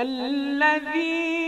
alladhi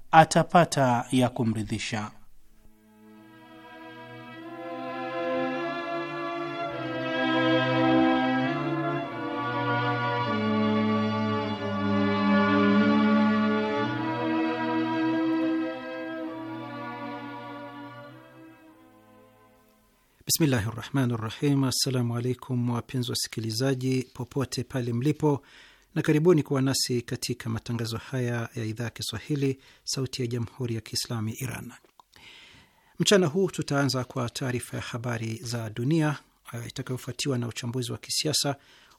atapata ya kumridhisha. Bismillahi rahmani rahim. Assalamu alaikum wapenzi wasikilizaji popote pale mlipo na karibuni kuwa nasi katika matangazo haya ya idhaa ya Kiswahili, Sauti ya Jamhuri ya Kiislamu ya Iran. Mchana huu tutaanza kwa taarifa ya habari za dunia uh, itakayofuatiwa na uchambuzi wa kisiasa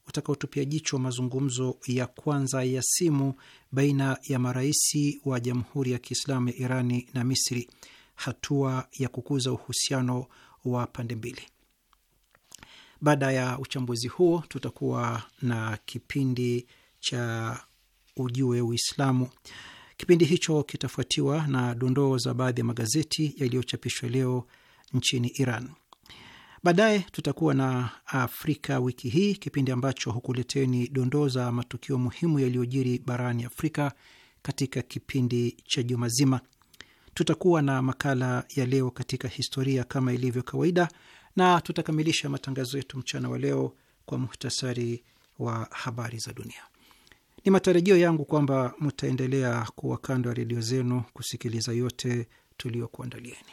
utakaotupia jicho mazungumzo ya kwanza ya simu baina ya maraisi wa Jamhuri ya Kiislamu ya Irani na Misri, hatua ya kukuza uhusiano wa pande mbili. Baada ya uchambuzi huo, tutakuwa na kipindi cha Ujue Uislamu. Kipindi hicho kitafuatiwa na dondoo za baadhi ya magazeti yaliyochapishwa leo nchini Iran. Baadaye tutakuwa na Afrika wiki hii, kipindi ambacho hukuleteni dondoo za matukio muhimu yaliyojiri barani Afrika katika kipindi cha juma zima. Tutakuwa na makala ya leo katika historia kama ilivyo kawaida, na tutakamilisha matangazo yetu mchana wa leo kwa muhtasari wa habari za dunia. Ni matarajio yangu kwamba mtaendelea kuwa kando ya redio zenu kusikiliza yote tuliyokuandalieni.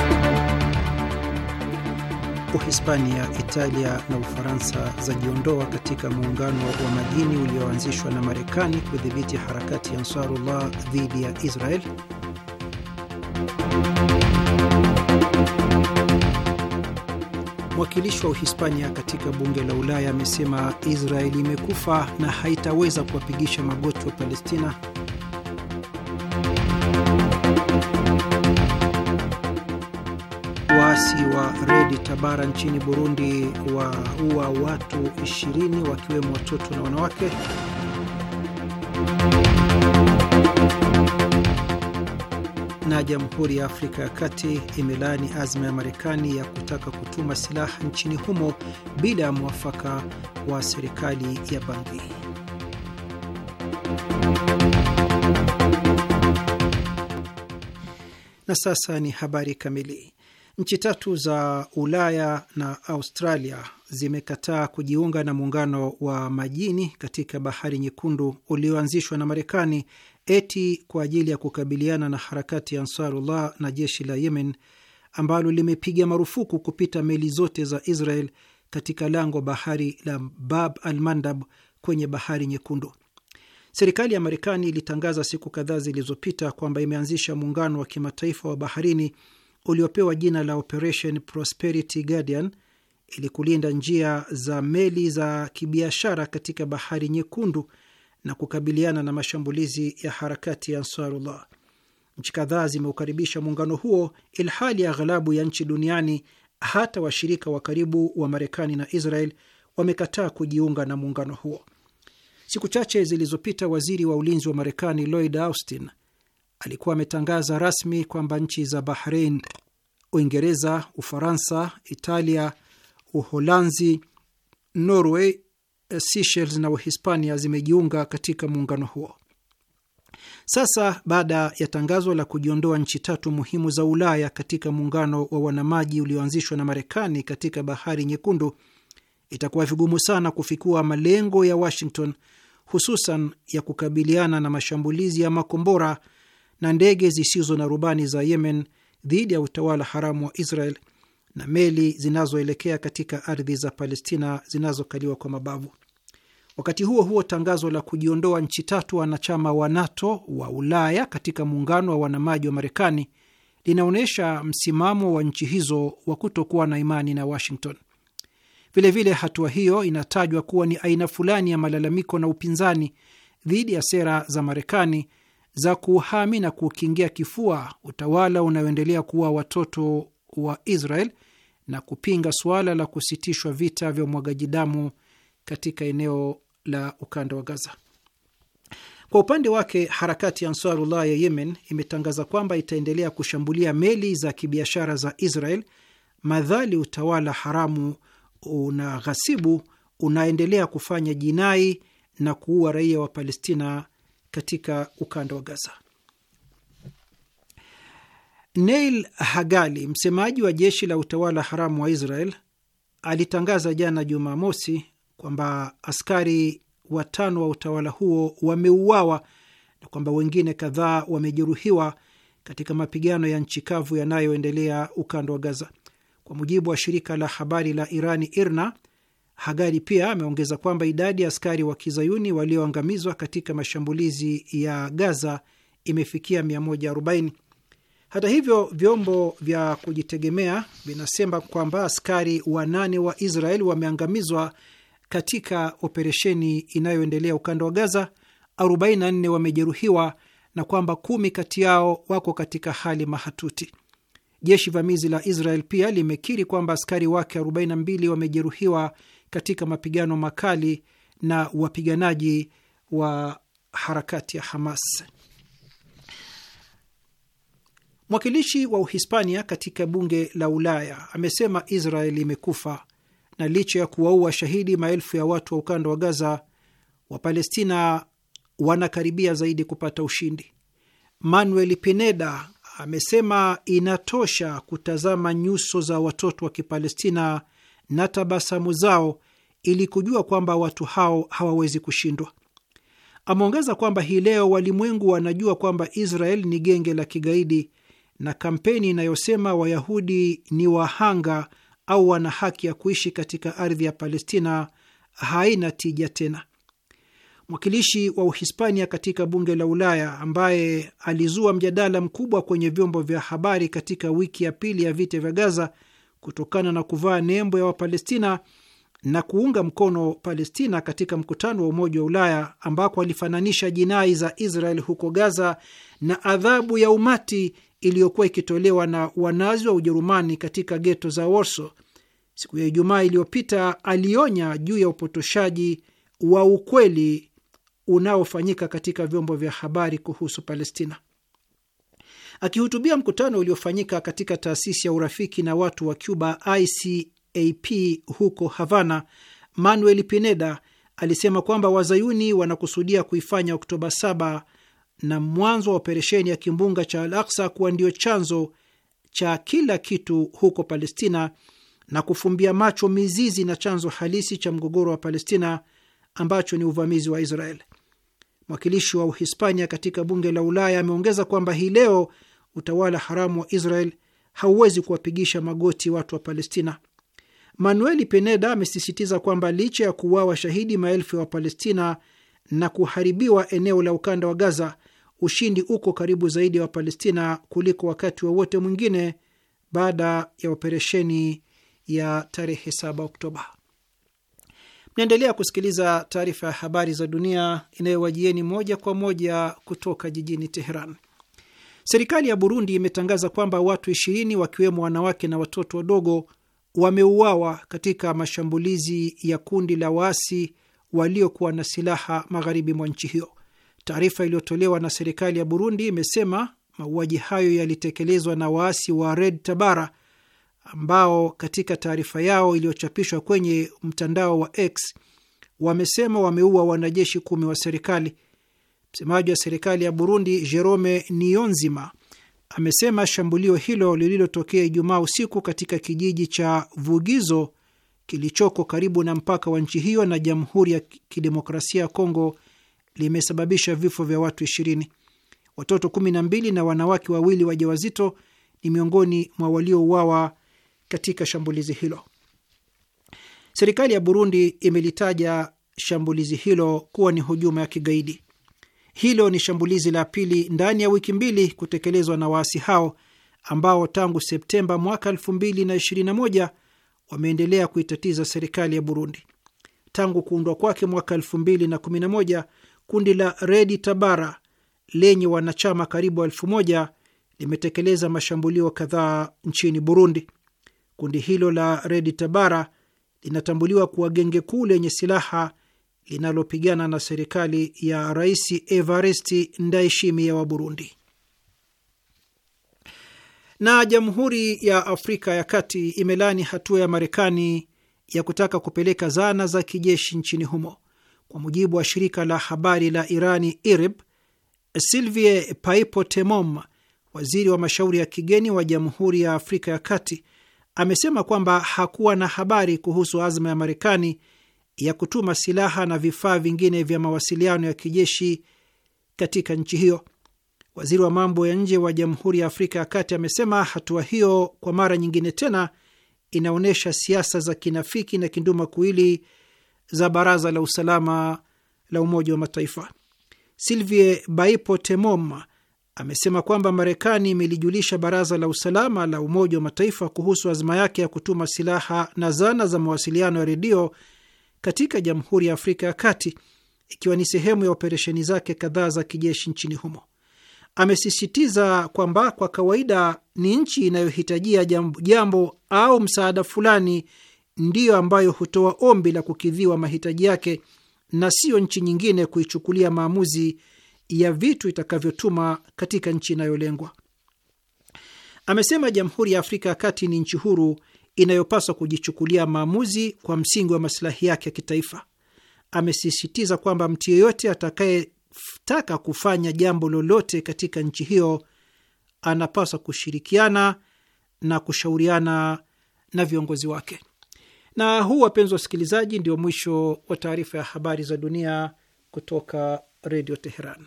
Uhispania, Italia na Ufaransa zajiondoa katika muungano wa madini ulioanzishwa na Marekani kudhibiti harakati ya Ansarullah dhidi ya Israel. Mwakilishi wa Uhispania katika bunge la Ulaya amesema Israeli imekufa na haitaweza kuwapigisha magoti wa Palestina. mji wa Redi Tabara nchini Burundi waua watu 20 wakiwemo watoto na wanawake. Na Jamhuri ya Afrika ya Kati imelaani azma ya Marekani ya kutaka kutuma silaha nchini humo bila ya mwafaka wa serikali ya Bangi. Na sasa ni habari kamili. Nchi tatu za Ulaya na Australia zimekataa kujiunga na muungano wa majini katika bahari nyekundu ulioanzishwa na Marekani eti kwa ajili ya kukabiliana na harakati ya Ansarullah na jeshi la Yemen ambalo limepiga marufuku kupita meli zote za Israel katika lango bahari la Bab al Mandab kwenye bahari nyekundu. Serikali ya Marekani ilitangaza siku kadhaa zilizopita kwamba imeanzisha muungano wa kimataifa wa baharini uliopewa jina la Operation Prosperity Guardian ili kulinda njia za meli za kibiashara katika Bahari Nyekundu na kukabiliana na mashambulizi ya harakati ya Ansarullah. Nchi kadhaa zimeukaribisha muungano huo, ilhali aghalabu ya nchi duniani, hata washirika wa karibu wa Marekani na Israel, wamekataa kujiunga na muungano huo. Siku chache zilizopita, waziri wa ulinzi wa Marekani Lloyd Austin alikuwa ametangaza rasmi kwamba nchi za bahrein Uingereza, Ufaransa, Italia, Uholanzi, Norway, Seychelles na Uhispania zimejiunga katika muungano huo. Sasa baada ya tangazo la kujiondoa nchi tatu muhimu za Ulaya katika muungano wa wanamaji ulioanzishwa na Marekani katika Bahari Nyekundu, itakuwa vigumu sana kufikua malengo ya Washington, hususan ya kukabiliana na mashambulizi ya makombora na ndege zisizo na rubani za Yemen dhidi ya utawala haramu wa Israel na meli zinazoelekea katika ardhi za Palestina zinazokaliwa kwa mabavu. Wakati huo huo, tangazo la kujiondoa nchi tatu wanachama wa NATO wa Ulaya katika muungano wa wanamaji wa Marekani linaonyesha msimamo wa nchi hizo wa kutokuwa na imani na Washington. Vilevile, hatua hiyo inatajwa kuwa ni aina fulani ya malalamiko na upinzani dhidi ya sera za Marekani za kuuhami na kuukingia kifua utawala unaoendelea kuua watoto wa Israel na kupinga suala la kusitishwa vita vya umwagaji damu katika eneo la ukanda wa Gaza. Kwa upande wake, harakati ya Ansarullah ya Yemen imetangaza kwamba itaendelea kushambulia meli za kibiashara za Israel madhali utawala haramu una ghasibu unaendelea kufanya jinai na kuua raia wa Palestina katika ukanda wa Gaza. Neil Hagali, msemaji wa jeshi la utawala haramu wa Israel, alitangaza jana Jumamosi kwamba askari watano wa utawala huo wameuawa na kwamba wengine kadhaa wamejeruhiwa katika mapigano ya nchi kavu yanayoendelea ukanda wa Gaza. Kwa mujibu wa shirika la habari la Irani IRNA, Hagari pia ameongeza kwamba idadi ya askari wa kizayuni walioangamizwa katika mashambulizi ya Gaza imefikia 140. Hata hivyo, vyombo vya kujitegemea vinasema kwamba askari wanane wa Israel wameangamizwa katika operesheni inayoendelea ukanda wa Gaza, 44 wamejeruhiwa na kwamba kumi kati yao wako katika hali mahatuti. Jeshi vamizi la Israel pia limekiri kwamba askari wake 42 wamejeruhiwa katika mapigano makali na wapiganaji wa harakati ya Hamas. Mwakilishi wa Uhispania katika bunge la Ulaya amesema Israel imekufa na licha ya kuwaua shahidi maelfu ya watu wa ukanda wa Gaza, Wapalestina wanakaribia zaidi kupata ushindi. Manuel Pineda amesema inatosha kutazama nyuso za watoto wa Kipalestina na tabasamu zao ili kujua kwamba watu hao hawawezi kushindwa. Ameongeza kwamba hii leo walimwengu wanajua kwamba Israel ni genge la kigaidi na kampeni inayosema Wayahudi ni wahanga au wana haki ya kuishi katika ardhi ya Palestina haina tija tena. Mwakilishi wa Uhispania katika bunge la Ulaya ambaye alizua mjadala mkubwa kwenye vyombo vya habari katika wiki ya pili ya vita vya Gaza kutokana na kuvaa nembo ya Wapalestina na kuunga mkono Palestina katika mkutano wa Umoja wa Ulaya ambako alifananisha jinai za Israel huko Gaza na adhabu ya umati iliyokuwa ikitolewa na wanazi wa Ujerumani katika geto za Warsaw. Siku ya Ijumaa iliyopita alionya juu ya upotoshaji wa ukweli unaofanyika katika vyombo vya habari kuhusu Palestina. Akihutubia mkutano uliofanyika katika taasisi ya urafiki na watu wa Cuba ICAP huko Havana, Manuel Pineda alisema kwamba wazayuni wanakusudia kuifanya Oktoba 7 na mwanzo wa operesheni ya kimbunga cha Al Aksa kuwa ndio chanzo cha kila kitu huko Palestina na kufumbia macho mizizi na chanzo halisi cha mgogoro wa Palestina ambacho ni uvamizi wa Israel. Mwakilishi wa Uhispania katika bunge la Ulaya ameongeza kwamba hii leo utawala haramu wa Israel hauwezi kuwapigisha magoti watu wa Palestina. Manueli peneda amesisitiza kwamba licha ya kuuawa shahidi maelfu ya Wapalestina na kuharibiwa eneo la ukanda wa Gaza, ushindi uko karibu zaidi ya wa Wapalestina kuliko wakati wowote wa mwingine baada ya operesheni ya tarehe 7 Oktoba. Mnaendelea kusikiliza taarifa ya habari za dunia inayowajieni moja kwa moja kutoka jijini Teheran. Serikali ya Burundi imetangaza kwamba watu ishirini wakiwemo wanawake na watoto wadogo wameuawa katika mashambulizi ya kundi la waasi waliokuwa na silaha magharibi mwa nchi hiyo. Taarifa iliyotolewa na serikali ya Burundi imesema mauaji hayo yalitekelezwa na waasi wa Red Tabara ambao katika taarifa yao iliyochapishwa kwenye mtandao wa X wamesema wameua wanajeshi kumi wa serikali Msemaji wa serikali ya Burundi Jerome nionzima amesema shambulio hilo lililotokea Ijumaa usiku katika kijiji cha Vugizo kilichoko karibu na mpaka wa nchi hiyo na Jamhuri ya Kidemokrasia ya Kongo limesababisha vifo vya watu ishirini. Watoto kumi na mbili na wanawake wawili wajawazito ni miongoni mwa waliouawa katika shambulizi hilo. Serikali ya Burundi imelitaja shambulizi hilo kuwa ni hujuma ya kigaidi. Hilo ni shambulizi la pili ndani ya wiki mbili kutekelezwa na waasi hao ambao tangu Septemba mwaka 2021 wameendelea kuitatiza serikali ya Burundi. Tangu kuundwa kwake mwaka 2011 kundi la Redi Tabara lenye wanachama karibu 1 limetekeleza mashambulio kadhaa nchini Burundi. Kundi hilo la Redi Tabara linatambuliwa kuwa genge kuu lenye silaha linalopigana na serikali ya Rais Evariste ya wa Burundi. Na Jamhuri ya Afrika ya Kati imelani hatua ya Marekani ya kutaka kupeleka zana za kijeshi nchini humo. Kwa mujibu wa shirika la habari la Irani IRIB, Sylvie Paipo Temom, waziri wa mashauri ya kigeni wa Jamhuri ya Afrika ya Kati, amesema kwamba hakuwa na habari kuhusu azma ya Marekani ya kutuma silaha na vifaa vingine vya mawasiliano ya kijeshi katika nchi hiyo. Waziri wa mambo ya nje wa Jamhuri ya Afrika ya Kati amesema hatua hiyo kwa mara nyingine tena inaonyesha siasa za kinafiki na kinduma kuili za Baraza la Usalama la Umoja wa Mataifa. Sylvie Baipo Temom amesema kwamba Marekani imelijulisha Baraza la Usalama la Umoja wa Mataifa kuhusu azma yake ya kutuma silaha na zana za mawasiliano ya redio katika Jamhuri ya Afrika ya Kati, ikiwa ni sehemu ya operesheni zake kadhaa za kijeshi nchini humo. Amesisitiza kwamba kwa kawaida ni nchi inayohitajia jambo, jambo au msaada fulani ndiyo ambayo hutoa ombi la kukidhiwa mahitaji yake na siyo nchi nyingine kuichukulia maamuzi ya vitu itakavyotuma katika nchi inayolengwa. Amesema Jamhuri ya Afrika ya Kati ni nchi huru inayopaswa kujichukulia maamuzi kwa msingi wa masilahi yake ya kitaifa. Amesisitiza kwamba mtu yeyote atakayetaka kufanya jambo lolote katika nchi hiyo anapaswa kushirikiana na kushauriana na viongozi wake. Na huu, wapenzi wasikilizaji, ndio mwisho wa taarifa ya habari za dunia kutoka Redio Teheran.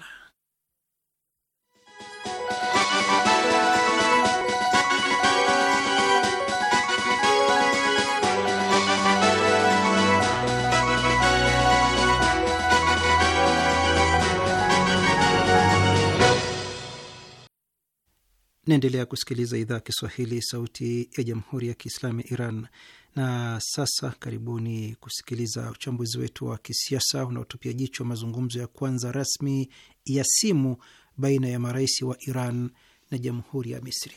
Naendelea kusikiliza idhaa Kiswahili sauti ya jamhuri ya kiislamu ya Iran. Na sasa karibuni kusikiliza uchambuzi wetu wa kisiasa unaotupia jicho mazungumzo ya kwanza rasmi ya simu baina ya marais wa Iran na jamhuri ya Misri.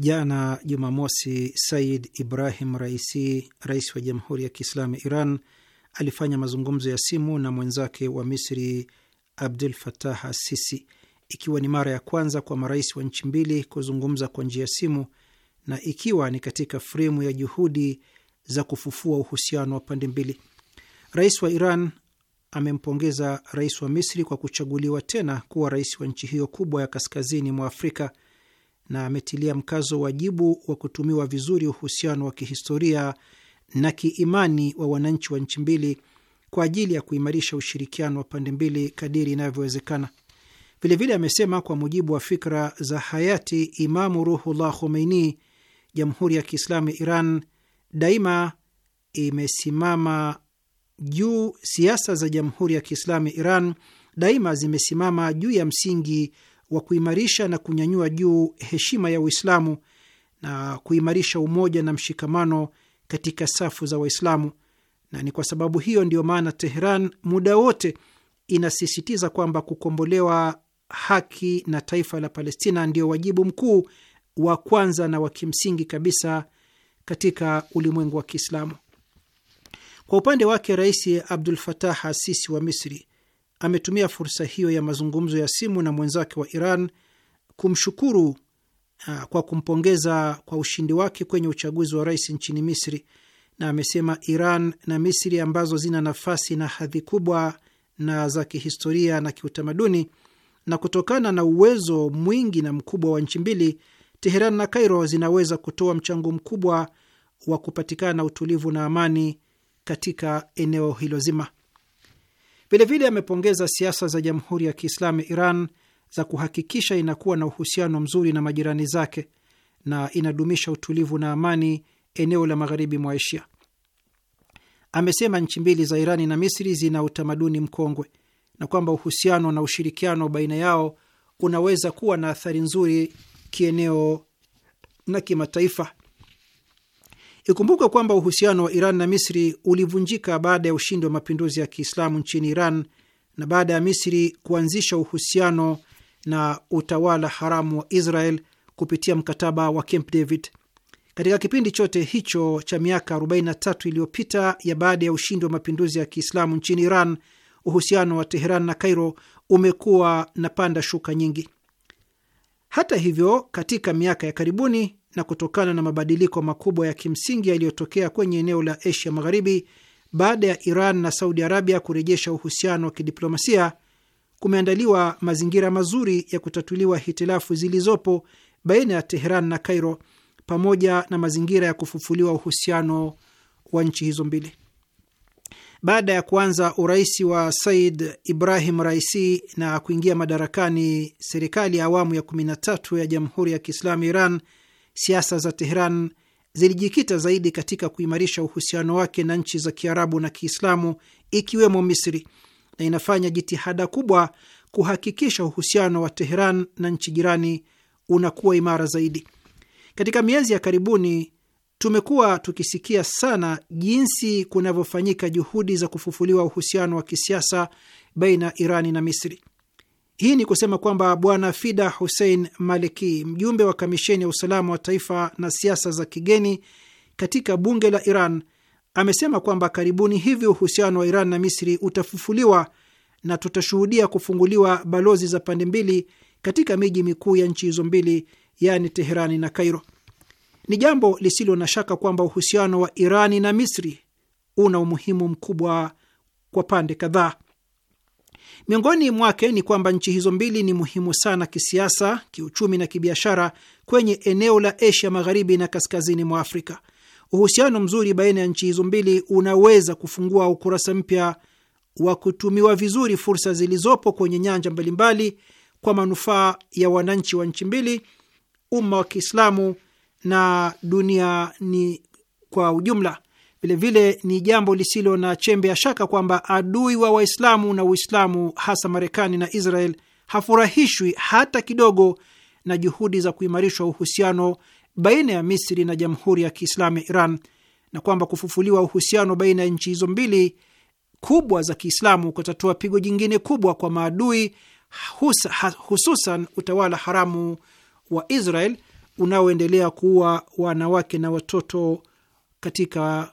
Jana Jumamosi, Said Ibrahim Raisi, rais wa Jamhuri ya Kiislamu ya Iran, alifanya mazungumzo ya simu na mwenzake wa Misri Abdul fatah Assisi, ikiwa ni mara ya kwanza kwa marais wa nchi mbili kuzungumza kwa njia ya simu na ikiwa ni katika fremu ya juhudi za kufufua uhusiano wa pande mbili. Rais wa Iran amempongeza rais wa Misri kwa kuchaguliwa tena kuwa rais wa nchi hiyo kubwa ya kaskazini mwa Afrika na ametilia mkazo wajibu wa kutumiwa vizuri uhusiano wa kihistoria na kiimani wa wananchi wa nchi mbili kwa ajili ya kuimarisha ushirikiano wa pande mbili kadiri inavyowezekana. Vilevile amesema kwa mujibu wa fikra za hayati Imamu Ruhullah Khomeini, Jamhuri ya Kiislamu ya Iran daima imesimama juu, siasa za Jamhuri ya Kiislamu ya Iran daima zimesimama juu ya msingi wa kuimarisha na kunyanyua juu heshima ya Uislamu na kuimarisha umoja na mshikamano katika safu za Waislamu, na ni kwa sababu hiyo ndiyo maana Teheran muda wote inasisitiza kwamba kukombolewa haki na taifa la Palestina ndio wajibu mkuu wa kwanza na wa kimsingi kabisa katika ulimwengu wa Kiislamu. Kwa upande wake, Rais Abdul Fatah Asisi wa Misri ametumia fursa hiyo ya mazungumzo ya simu na mwenzake wa Iran kumshukuru uh, kwa kumpongeza kwa ushindi wake kwenye uchaguzi wa rais nchini Misri, na amesema Iran na Misri ambazo zina nafasi na hadhi kubwa na za kihistoria na kiutamaduni, na kutokana na uwezo mwingi na mkubwa wa nchi mbili, Teheran na Kairo zinaweza kutoa mchango mkubwa wa kupatikana utulivu na amani katika eneo hilo zima. Vilevile amepongeza siasa za Jamhuri ya Kiislamu Iran za kuhakikisha inakuwa na uhusiano mzuri na majirani zake na inadumisha utulivu na amani eneo la magharibi mwa Asia. Amesema nchi mbili za Irani na Misri zina utamaduni mkongwe na kwamba uhusiano na ushirikiano baina yao unaweza kuwa na athari nzuri kieneo na kimataifa. Ikumbuka kwamba uhusiano wa Iran na Misri ulivunjika baada ya ushindi wa mapinduzi ya Kiislamu nchini Iran na baada ya Misri kuanzisha uhusiano na utawala haramu wa Israel kupitia mkataba wa Camp David. Katika kipindi chote hicho cha miaka 43 iliyopita ya baada ya ushindi wa mapinduzi ya Kiislamu nchini Iran, uhusiano wa Teheran na Kairo umekuwa na panda shuka nyingi. Hata hivyo, katika miaka ya karibuni na kutokana na mabadiliko makubwa ya kimsingi yaliyotokea kwenye eneo la Asia Magharibi baada ya Iran na Saudi Arabia kurejesha uhusiano wa kidiplomasia, kumeandaliwa mazingira mazuri ya kutatuliwa hitilafu zilizopo baina ya Teheran na Cairo pamoja na mazingira ya kufufuliwa uhusiano wa nchi hizo mbili. Baada ya kuanza urais wa Said Ibrahim Raisi na kuingia madarakani serikali ya awamu ya 13 ya Jamhuri ya Kiislamu Iran siasa za Teheran zilijikita zaidi katika kuimarisha uhusiano wake na nchi za Kiarabu na Kiislamu ikiwemo Misri na inafanya jitihada kubwa kuhakikisha uhusiano wa Teheran na nchi jirani unakuwa imara zaidi. Katika miezi ya karibuni tumekuwa tukisikia sana jinsi kunavyofanyika juhudi za kufufuliwa uhusiano wa kisiasa baina ya Irani na Misri. Hii ni kusema kwamba Bwana Fida Hussein Maliki, mjumbe wa kamisheni ya usalama wa taifa na siasa za kigeni katika bunge la Iran, amesema kwamba karibuni hivi uhusiano wa Iran na Misri utafufuliwa na tutashuhudia kufunguliwa balozi za pande mbili katika miji mikuu ya nchi hizo mbili, yaani Teherani na Kairo. Ni jambo lisilo na shaka kwamba uhusiano wa Irani na Misri una umuhimu mkubwa kwa pande kadhaa. Miongoni mwake ni kwamba nchi hizo mbili ni muhimu sana kisiasa, kiuchumi na kibiashara kwenye eneo la Asia magharibi na kaskazini mwa Afrika. Uhusiano mzuri baina ya nchi hizo mbili unaweza kufungua ukurasa mpya wa kutumiwa vizuri fursa zilizopo kwenye nyanja mbalimbali kwa manufaa ya wananchi wa nchi mbili, umma wa Kiislamu na duniani kwa ujumla. Vilevile ni jambo lisilo na chembe ya shaka kwamba adui wa Waislamu na Uislamu, hasa Marekani na Israel, hafurahishwi hata kidogo na juhudi za kuimarishwa uhusiano baina ya Misri na Jamhuri ya Kiislamu ya Iran na kwamba kufufuliwa uhusiano baina ya nchi hizo mbili kubwa za Kiislamu kutatoa pigo jingine kubwa kwa maadui hususan utawala haramu wa Israel unaoendelea kuua wanawake na watoto katika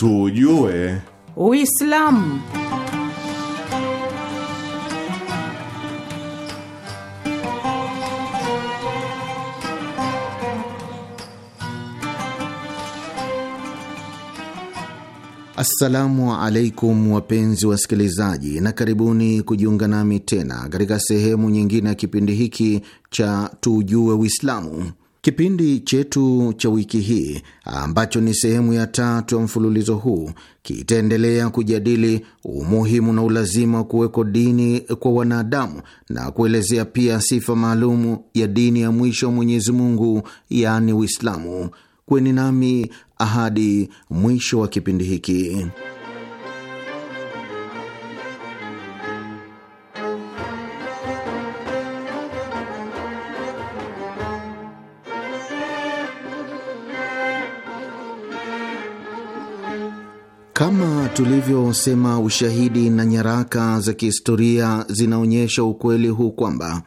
tujue Uislamu. Assalamu alaikum wapenzi wasikilizaji, na karibuni kujiunga nami tena katika sehemu nyingine ya kipindi hiki cha tujue Uislamu. Kipindi chetu cha wiki hii ambacho ni sehemu ya tatu ya mfululizo huu kitaendelea kujadili umuhimu na ulazima wa kuweko dini kwa wanadamu na kuelezea pia sifa maalumu ya dini ya mwisho wa Mwenyezi Mungu, yaani Uislamu. Kweni nami ahadi mwisho wa kipindi hiki. Kama tulivyosema, ushahidi na nyaraka za kihistoria zinaonyesha ukweli huu kwamba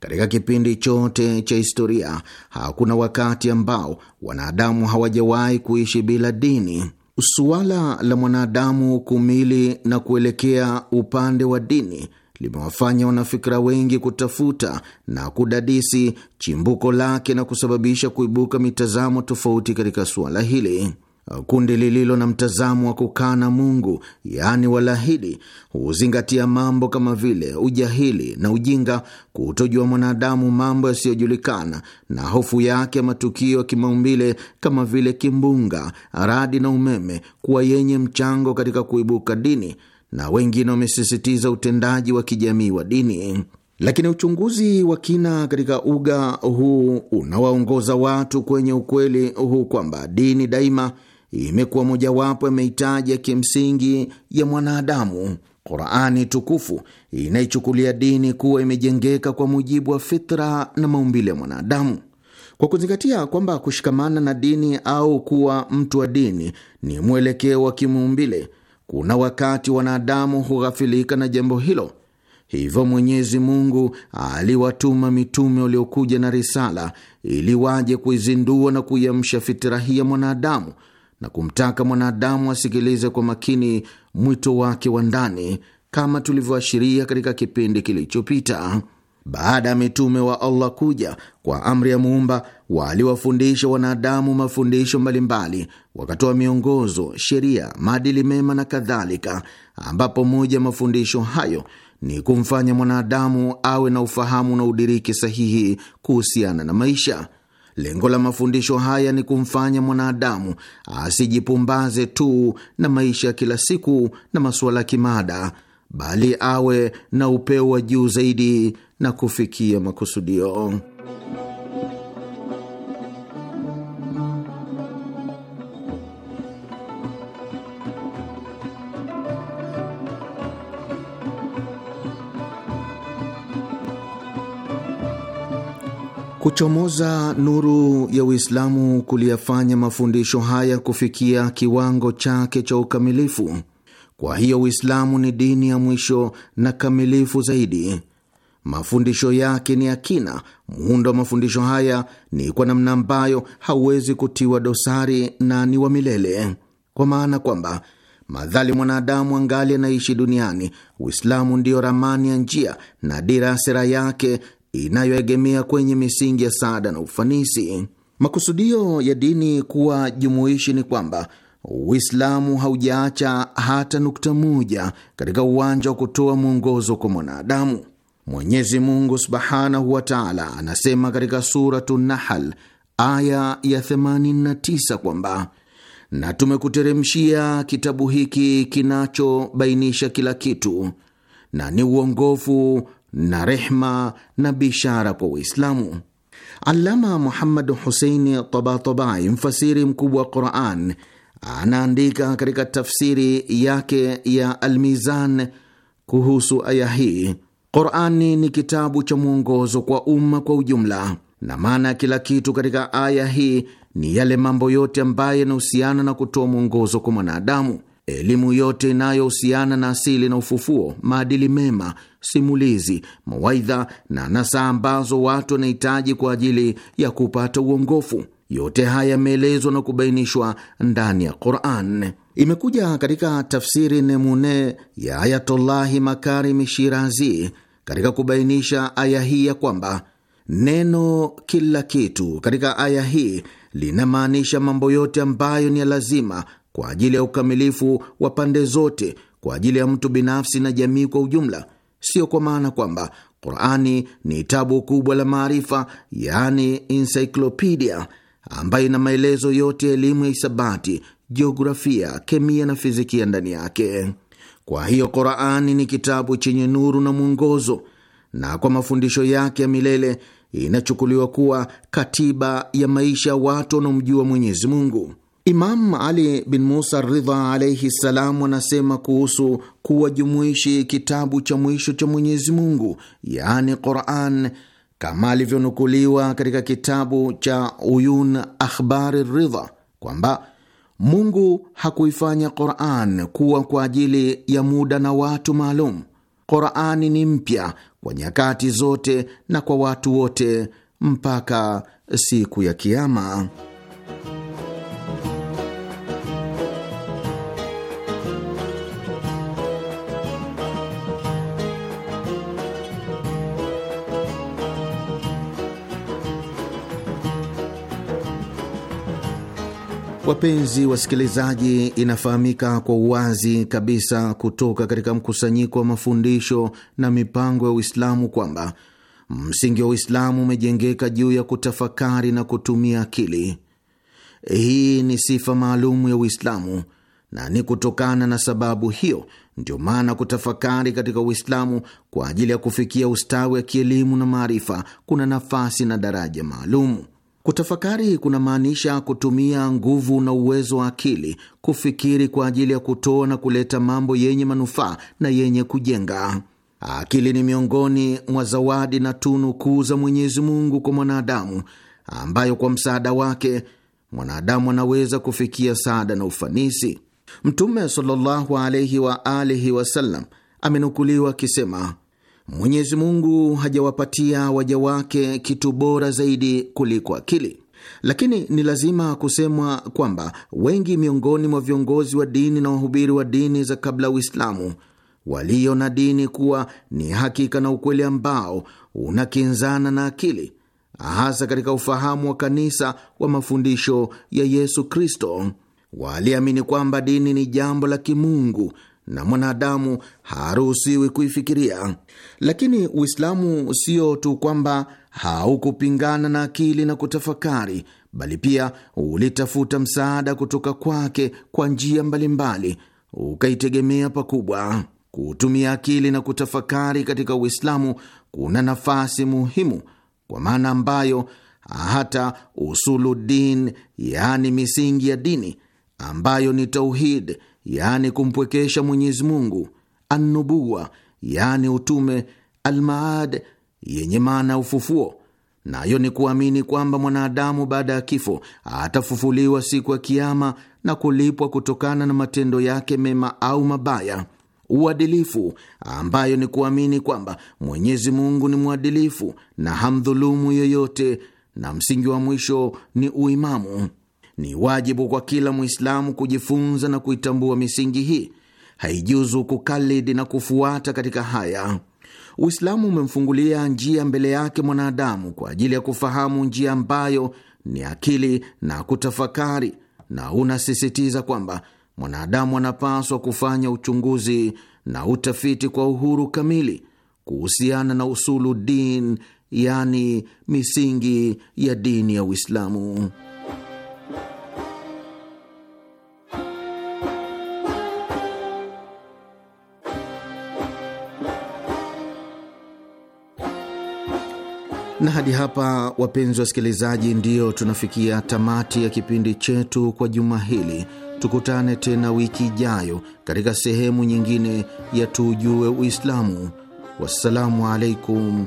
katika kipindi chote cha historia hakuna wakati ambao wanadamu hawajawahi kuishi bila dini. Suala la mwanadamu kumili na kuelekea upande wa dini limewafanya wanafikira wengi kutafuta na kudadisi chimbuko lake na kusababisha kuibuka mitazamo tofauti katika suala hili. Uh, kundi lililo na mtazamo wa kukana Mungu, yaani walahidi, huzingatia mambo kama vile ujahili na ujinga, kutojua mwanadamu mambo yasiyojulikana, na hofu yake ya matukio ya kimaumbile kama vile kimbunga, radi na umeme, kuwa yenye mchango katika kuibuka dini, na wengine wamesisitiza utendaji wa kijamii wa dini. Lakini uchunguzi wa kina katika uga huu unawaongoza watu kwenye ukweli huu kwamba dini daima imekuwa mojawapo ya mahitaji ya kimsingi ya mwanadamu. Qurani tukufu inaichukulia dini kuwa imejengeka kwa mujibu wa fitra na maumbile ya mwanadamu, kwa kuzingatia kwamba kushikamana na dini au kuwa mtu wa dini ni mwelekeo wa kimuumbile. Kuna wakati wanadamu hughafilika na jambo hilo, hivyo Mwenyezi Mungu aliwatuma mitume waliokuja na risala ili waje kuizindua na kuiamsha fitira hii ya mwanadamu na kumtaka mwanadamu asikilize kwa makini mwito wake wa ndani, kama tulivyoashiria katika kipindi kilichopita. Baada ya mitume wa Allah kuja kwa amri ya Muumba, waliwafundisha wanadamu mafundisho mbalimbali, wakatoa miongozo, sheria, maadili mema na kadhalika, ambapo moja ya mafundisho hayo ni kumfanya mwanadamu awe na ufahamu na udiriki sahihi kuhusiana na maisha. Lengo la mafundisho haya ni kumfanya mwanadamu asijipumbaze tu na maisha ya kila siku na masuala ya kimada, bali awe na upeo wa juu zaidi na kufikia makusudio. Kuchomoza nuru ya Uislamu kuliyafanya mafundisho haya kufikia kiwango chake cha ukamilifu. Kwa hiyo Uislamu ni dini ya mwisho na kamilifu zaidi. Mafundisho yake ni akina Muundo wa mafundisho haya ni kwa namna ambayo hauwezi kutiwa dosari na ni wa milele, kwa maana kwamba madhali mwanadamu angali anaishi duniani, Uislamu ndiyo ramani ya njia na dira ya sera yake inayoegemea kwenye misingi ya saada na ufanisi. Makusudio ya dini kuwa jumuishi ni kwamba Uislamu haujaacha hata nukta moja katika uwanja wa kutoa mwongozo kwa mwanadamu. Mwenyezi Mungu subhanahu wa taala anasema katika Suratu Nahal aya ya 89 kwamba na tumekuteremshia kitabu hiki kinachobainisha kila kitu na ni uongofu na rehma na bishara kwa Uislamu. Alama Muhammad Huseini Tabatabai, mfasiri mkubwa wa Quran, anaandika katika tafsiri yake ya Almizan kuhusu aya hii: Qurani ni kitabu cha mwongozo kwa umma kwa ujumla, na maana ya kila kitu katika aya hii ni yale mambo yote ambayo yanahusiana na kutoa mwongozo kwa mwanadamu. Elimu yote inayohusiana na asili na ufufuo, maadili mema, simulizi, mawaidha na nasaa ambazo watu wanahitaji kwa ajili ya kupata uongofu, yote haya yameelezwa na kubainishwa ndani ya Quran. Imekuja katika tafsiri Nemune ya Ayatollahi Makarimi Shirazi katika kubainisha aya hii ya kwamba neno kila kitu katika aya hii linamaanisha mambo yote ambayo ni ya lazima kwa ajili ya ukamilifu wa pande zote, kwa ajili ya mtu binafsi na jamii kwa ujumla, sio kwa maana kwamba Qurani ni tabu kubwa la maarifa, yani encyclopedia ambayo ina maelezo yote ya elimu ya hisabati, jiografia, kemia na fizikia ndani yake. Kwa hiyo Qurani ni kitabu chenye nuru na mwongozo, na kwa mafundisho yake ya milele inachukuliwa kuwa katiba ya maisha ya watu wanaomjua Mwenyezi Mungu. Imam Ali bin Musa Ridha alaihi ssalam anasema kuhusu kuwajumuishi kitabu cha mwisho cha Mwenyezi Mungu, yaani Quran, kama alivyonukuliwa katika kitabu cha Uyun Akhbari Ridha kwamba Mungu hakuifanya Quran kuwa kwa ajili ya muda na watu maalum. Qurani ni mpya kwa nyakati zote na kwa watu wote mpaka siku ya Kiama. Wapenzi wasikilizaji, inafahamika kwa uwazi kabisa kutoka katika mkusanyiko wa mafundisho na mipango ya Uislamu kwamba msingi wa Uislamu umejengeka juu ya kutafakari na kutumia akili. Hii ni sifa maalumu ya Uislamu na ni kutokana na sababu hiyo ndio maana kutafakari katika Uislamu kwa ajili ya kufikia ustawi wa kielimu na maarifa kuna nafasi na daraja maalumu. Kutafakari kunamaanisha kutumia nguvu na uwezo wa akili kufikiri kwa ajili ya kutoa na kuleta mambo yenye manufaa na yenye kujenga. Akili ni miongoni mwa zawadi na tunu kuu za Mwenyezi Mungu kwa mwanadamu, ambayo kwa msaada wake mwanadamu anaweza kufikia saada na ufanisi. Mtume sallallahu alaihi wa alihi wasallam amenukuliwa akisema Mwenyezi Mungu hajawapatia waja wake kitu bora zaidi kuliko akili, lakini ni lazima kusemwa kwamba wengi miongoni mwa viongozi wa dini na wahubiri wa dini za kabla Uislamu walio na dini kuwa ni hakika na ukweli ambao unakinzana na akili, hasa katika ufahamu wa kanisa wa mafundisho ya Yesu Kristo. Waliamini kwamba dini ni jambo la kimungu na mwanadamu haruhusiwi kuifikiria. Lakini Uislamu sio tu kwamba haukupingana na akili na kutafakari, bali pia ulitafuta msaada kutoka kwake kwa njia mbalimbali, ukaitegemea pakubwa. Kutumia akili na kutafakari katika Uislamu kuna nafasi muhimu, kwa maana ambayo hata usuludin yaani misingi ya dini ambayo ni tauhid yani kumpwekesha Mwenyezi Mungu, annubuwa yani utume, almaad yenye maana ya ufufuo, nayo ni kuamini kwamba mwanadamu baada ya kifo atafufuliwa siku ya Kiama na kulipwa kutokana na matendo yake mema au mabaya. Uadilifu ambayo ni kuamini kwamba Mwenyezi Mungu ni mwadilifu na hamdhulumu yoyote, na msingi wa mwisho ni uimamu. Ni wajibu kwa kila Mwislamu kujifunza na kuitambua misingi hii. Haijuzu kukalidi na kufuata katika haya. Uislamu umemfungulia njia mbele yake mwanadamu kwa ajili ya kufahamu njia ambayo ni akili na kutafakari, na unasisitiza kwamba mwanadamu anapaswa kufanya uchunguzi na utafiti kwa uhuru kamili kuhusiana na usulu din, yani misingi ya dini ya Uislamu. Na hadi hapa, wapenzi wasikilizaji, ndio tunafikia tamati ya kipindi chetu kwa juma hili. Tukutane tena wiki ijayo katika sehemu nyingine ya Tujue Uislamu. Wassalamu alaikum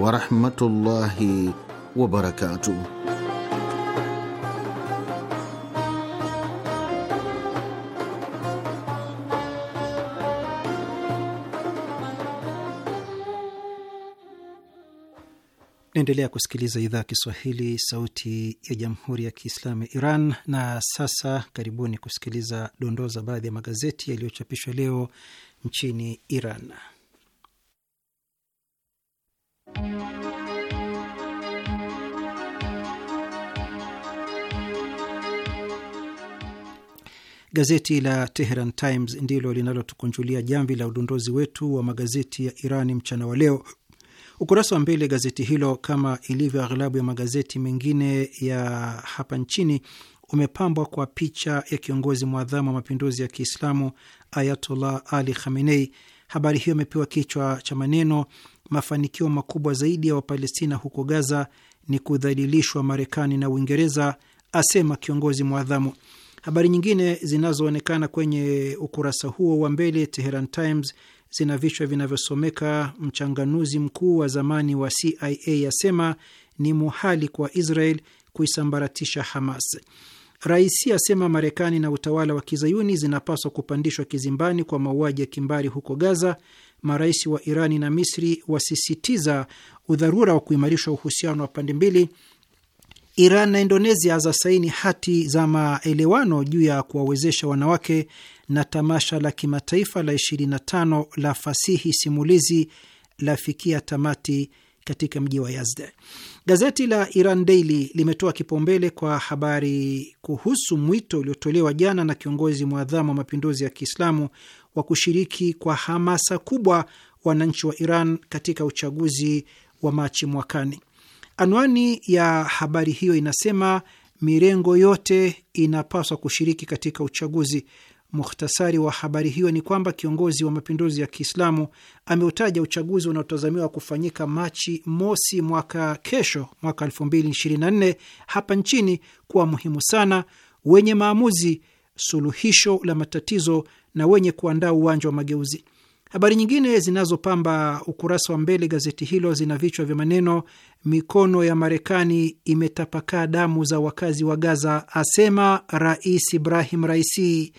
warahmatullahi wabarakatuh. Naendelea kusikiliza idhaa ya Kiswahili, sauti ya jamhuri ya kiislamu ya Iran. Na sasa karibuni kusikiliza dondoo za baadhi ya magazeti yaliyochapishwa leo nchini Iran. Gazeti la Teheran Times ndilo linalotukunjulia jamvi la udondozi wetu wa magazeti ya Iran mchana wa leo Ukurasa wa mbele gazeti hilo kama ilivyo aghlabu ya magazeti mengine ya hapa nchini umepambwa kwa picha ya kiongozi mwadhamu wa mapinduzi ya Kiislamu Ayatollah Ali Khamenei. Habari hiyo imepewa kichwa cha maneno mafanikio makubwa zaidi ya Wapalestina huko Gaza ni kudhalilishwa Marekani na Uingereza, asema kiongozi mwadhamu. Habari nyingine zinazoonekana kwenye ukurasa huo wa mbele, Teheran Times zina vichwa vinavyosomeka: mchanganuzi mkuu wa zamani wa CIA asema ni muhali kwa Israel kuisambaratisha Hamas. Raisi asema Marekani na utawala wa kizayuni zinapaswa kupandishwa kizimbani kwa mauaji ya kimbari huko Gaza. Marais wa Irani na Misri wasisitiza udharura wa kuimarisha uhusiano wa pande mbili Iran na Indonesia za saini hati za maelewano juu ya kuwawezesha wanawake na tamasha la kimataifa la 25 la fasihi simulizi lafikia tamati katika mji wa Yazd. Gazeti la Iran Daily limetoa kipaumbele kwa habari kuhusu mwito uliotolewa jana na kiongozi mwadhamu wa mapinduzi ya Kiislamu wa kushiriki kwa hamasa kubwa wananchi wa Iran katika uchaguzi wa Machi mwakani. Anwani ya habari hiyo inasema mirengo yote inapaswa kushiriki katika uchaguzi. Muhtasari wa habari hiyo ni kwamba kiongozi wa mapinduzi ya Kiislamu ameutaja uchaguzi unaotazamiwa kufanyika Machi mosi mwaka kesho, mwaka 2024 hapa nchini kuwa muhimu sana, wenye maamuzi, suluhisho la matatizo na wenye kuandaa uwanja wa mageuzi. Habari nyingine zinazopamba ukurasa wa mbele gazeti hilo zina vichwa vya maneno: mikono ya Marekani imetapakaa damu za wakazi wa Gaza, asema Rais Ibrahim Raisi;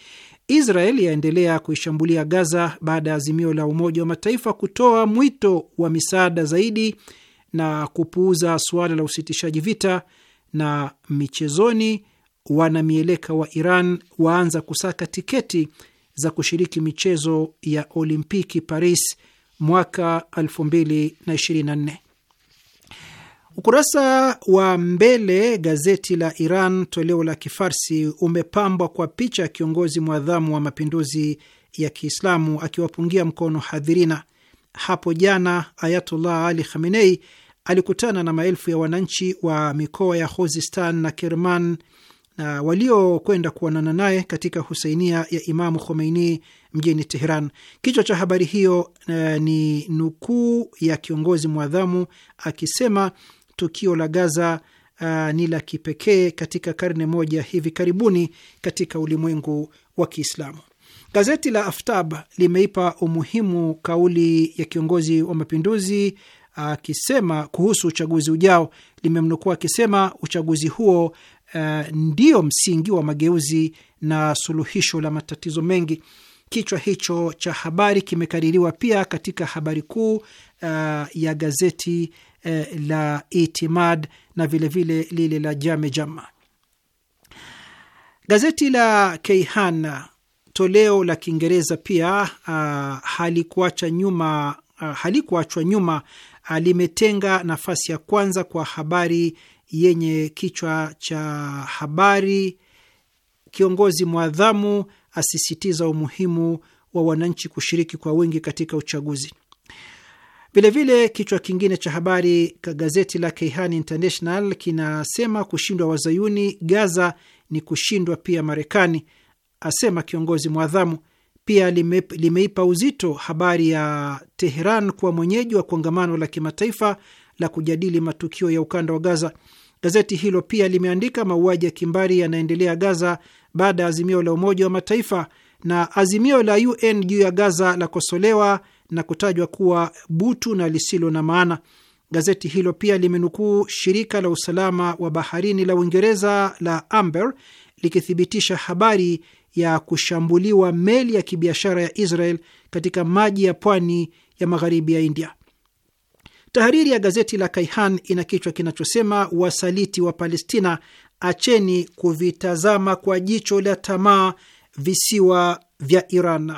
Israel yaendelea kuishambulia Gaza baada ya azimio la Umoja wa Mataifa kutoa mwito wa misaada zaidi na kupuuza suala la usitishaji vita; na michezoni, wanamieleka wa Iran waanza kusaka tiketi za kushiriki michezo ya Olimpiki Paris mwaka 2024. Ukurasa wa mbele gazeti la Iran toleo la Kifarsi umepambwa kwa picha ya kiongozi mwadhamu wa mapinduzi ya Kiislamu akiwapungia mkono hadhirina. Hapo jana Ayatullah Ali Khamenei alikutana na maelfu ya wananchi wa mikoa ya Khuzistan na Kerman na waliokwenda kuonana naye katika husainia ya Imamu Khomeini mjini Teheran. Kichwa cha habari hiyo eh, ni nukuu ya kiongozi mwadhamu akisema tukio la Gaza Uh, ni la kipekee katika karne moja hivi karibuni katika ulimwengu wa Kiislamu. Gazeti la Aftab limeipa umuhimu kauli ya kiongozi wa mapinduzi akisema uh, kuhusu uchaguzi ujao, limemnukua akisema uchaguzi huo Eh, ndio msingi wa mageuzi na suluhisho la matatizo mengi. Kichwa hicho cha habari kimekaririwa pia katika habari kuu uh, ya gazeti uh, la Itimad na vilevile vile lile la Jame Jama. Gazeti la Keihana toleo la Kiingereza pia uh, halikuacha nyuma, uh, halikuachwa nyuma uh, limetenga nafasi ya kwanza kwa habari yenye kichwa cha habari kiongozi mwadhamu asisitiza umuhimu wa wananchi kushiriki kwa wingi katika uchaguzi. Vilevile, kichwa kingine cha habari ka gazeti la Keihan International kinasema kushindwa wazayuni Gaza ni kushindwa pia Marekani, asema kiongozi mwadhamu. Pia lime, limeipa uzito habari ya Teheran kuwa mwenyeji wa kongamano la kimataifa la kujadili matukio ya ukanda wa Gaza. Gazeti hilo pia limeandika mauaji ya kimbari yanaendelea Gaza baada ya azimio la Umoja wa Mataifa na azimio la UN juu ya Gaza lakosolewa na kutajwa kuwa butu na lisilo na maana. Gazeti hilo pia limenukuu shirika la usalama wa baharini la Uingereza la Amber likithibitisha habari ya kushambuliwa meli ya kibiashara ya Israel katika maji ya pwani ya magharibi ya India. Tahariri ya gazeti la Kaihan ina kichwa kinachosema wasaliti wa Palestina, acheni kuvitazama kwa jicho la tamaa visiwa vya Iran.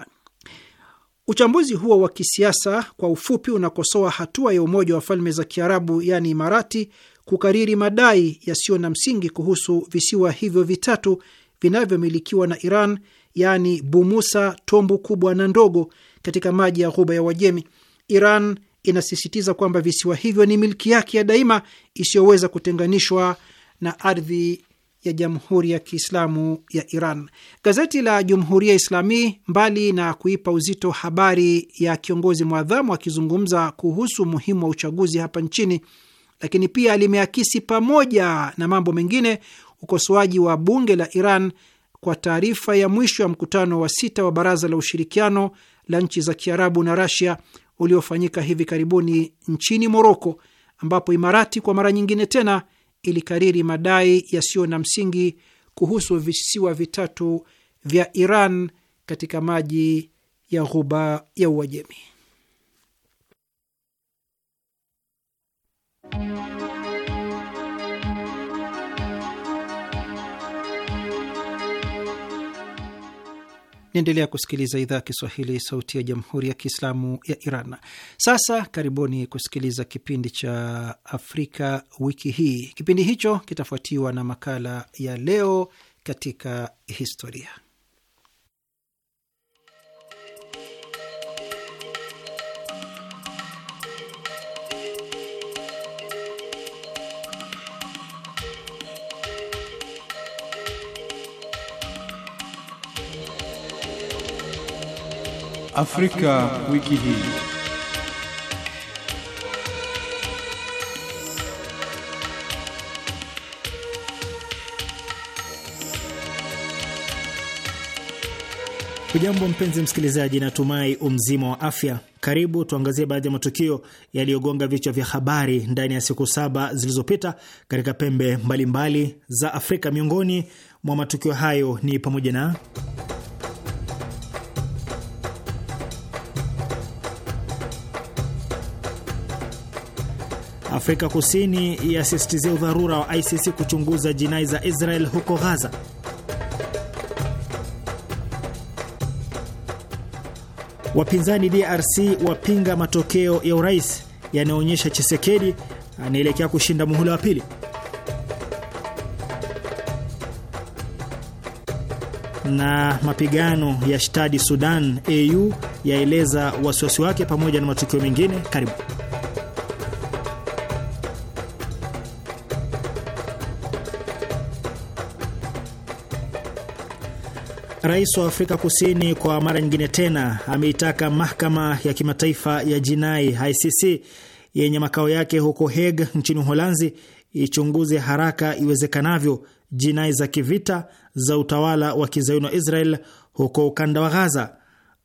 Uchambuzi huo wa kisiasa kwa ufupi unakosoa hatua ya Umoja wa Falme za Kiarabu yaani Imarati kukariri madai yasiyo na msingi kuhusu visiwa hivyo vitatu vinavyomilikiwa na Iran yaani Bumusa, Tombu Kubwa na Ndogo katika maji ya Ghuba ya Uajemi. Iran inasisitiza kwamba visiwa hivyo ni milki yake ya daima isiyoweza kutenganishwa na ardhi ya Jamhuri ya Kiislamu ya Iran. Gazeti la Jumhuria Islami, mbali na kuipa uzito habari ya kiongozi mwadhamu akizungumza kuhusu umuhimu wa uchaguzi hapa nchini, lakini pia limeakisi pamoja na mambo mengine ukosoaji wa bunge la Iran kwa taarifa ya mwisho ya mkutano wa sita wa Baraza la Ushirikiano la Nchi za Kiarabu na Rasia uliofanyika hivi karibuni nchini Moroko, ambapo Imarati kwa mara nyingine tena ilikariri madai yasiyo na msingi kuhusu visiwa vitatu vya Iran katika maji ya Ghuba ya Uajemi. Naendelea kusikiliza idhaa ya Kiswahili, sauti ya jamhuri ya kiislamu ya Iran. Sasa karibuni kusikiliza kipindi cha Afrika wiki hii. Kipindi hicho kitafuatiwa na makala ya leo katika historia. Afrika, wiki hii. ujambo mpenzi msikilizaji, natumai umzima wa afya. Karibu tuangazie baadhi ya matukio yaliyogonga vichwa vya habari ndani ya siku saba zilizopita katika pembe mbalimbali mbali za Afrika. Miongoni mwa matukio hayo ni pamoja na Afrika Kusini yasisitizia udharura wa ICC kuchunguza jinai za Israel huko Gaza. Wapinzani DRC wapinga matokeo ya urais yanayoonyesha Chisekedi anaelekea kushinda muhula wa pili. Na mapigano ya shtadi Sudan, AU yaeleza wasiwasi wake, pamoja na matukio mengine. Karibu. Rais wa Afrika Kusini kwa mara nyingine tena ameitaka mahakama ya kimataifa ya jinai ICC yenye makao yake huko Hague nchini Uholanzi ichunguze haraka iwezekanavyo jinai za kivita za utawala wa kizayuni wa Israel huko ukanda wa Gaza.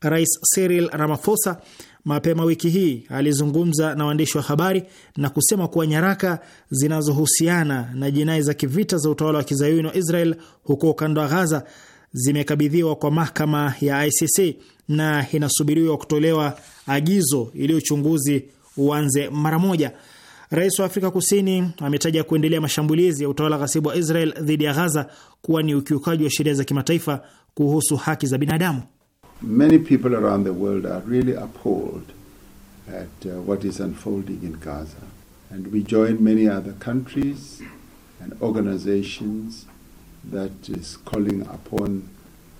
Rais Cyril Ramaphosa mapema wiki hii alizungumza na waandishi wa habari na kusema kuwa nyaraka zinazohusiana na jinai za kivita za utawala wa kizayuni wa Israel huko ukanda wa Gaza zimekabidhiwa kwa mahakama ya ICC na inasubiriwa kutolewa agizo ili uchunguzi uanze mara moja. Rais wa Afrika Kusini ametaja kuendelea mashambulizi ya utawala ghasibu wa Israel dhidi ya Ghaza kuwa ni ukiukaji wa sheria za kimataifa kuhusu haki za binadamu. Many people around the world are really appalled at uh, what is unfolding in Gaza and we join many other countries and organizations that is calling upon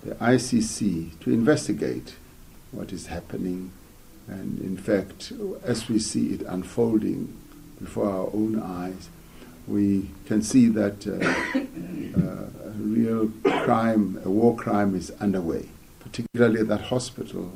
the ICC to investigate what is happening. And in fact, as we see it unfolding before our own eyes, we can see that uh, uh, a real crime, a war crime, is underway, particularly that hospital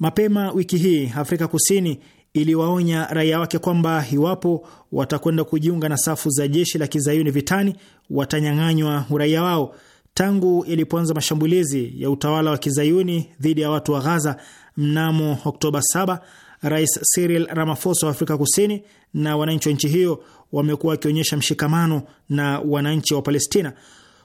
Mapema wiki hii Afrika Kusini iliwaonya raia wake kwamba iwapo watakwenda kujiunga na safu za jeshi la kizayuni vitani watanyang'anywa uraia wao. Tangu ilipoanza mashambulizi ya utawala wa kizayuni dhidi ya watu wa Ghaza mnamo Oktoba 7, Rais Cyril Ramaphosa wa Afrika Kusini na wananchi wa nchi hiyo wamekuwa wakionyesha mshikamano na wananchi wa Palestina.